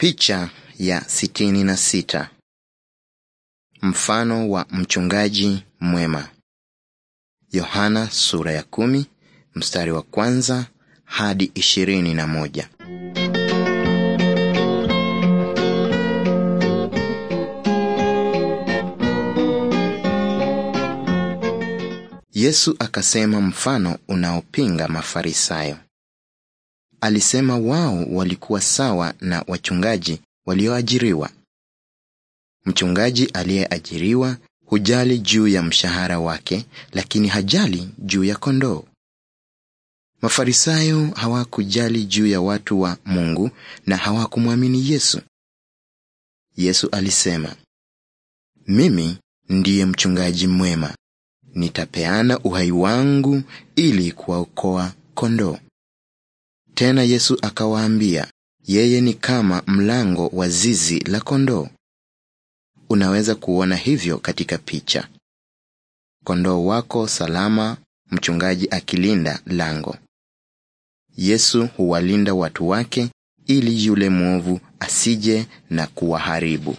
Picha ya sitini na sita. Mfano wa mchungaji mwema. Yohana sura ya kumi, mstari wa kwanza hadi ishirini na moja. Yesu akasema mfano unaopinga Mafarisayo alisema wao walikuwa sawa na wachungaji walioajiriwa. Mchungaji aliyeajiriwa hujali juu ya mshahara wake, lakini hajali juu ya kondoo. Mafarisayo hawakujali juu ya watu wa Mungu na hawakumwamini Yesu. Yesu alisema, mimi ndiye mchungaji mwema, nitapeana uhai wangu ili kuwaokoa kondoo. Tena Yesu akawaambia, yeye ni kama mlango wa zizi la kondoo. Unaweza kuona hivyo katika picha. Kondoo wako salama, mchungaji akilinda lango. Yesu huwalinda watu wake ili yule mwovu asije na kuwaharibu.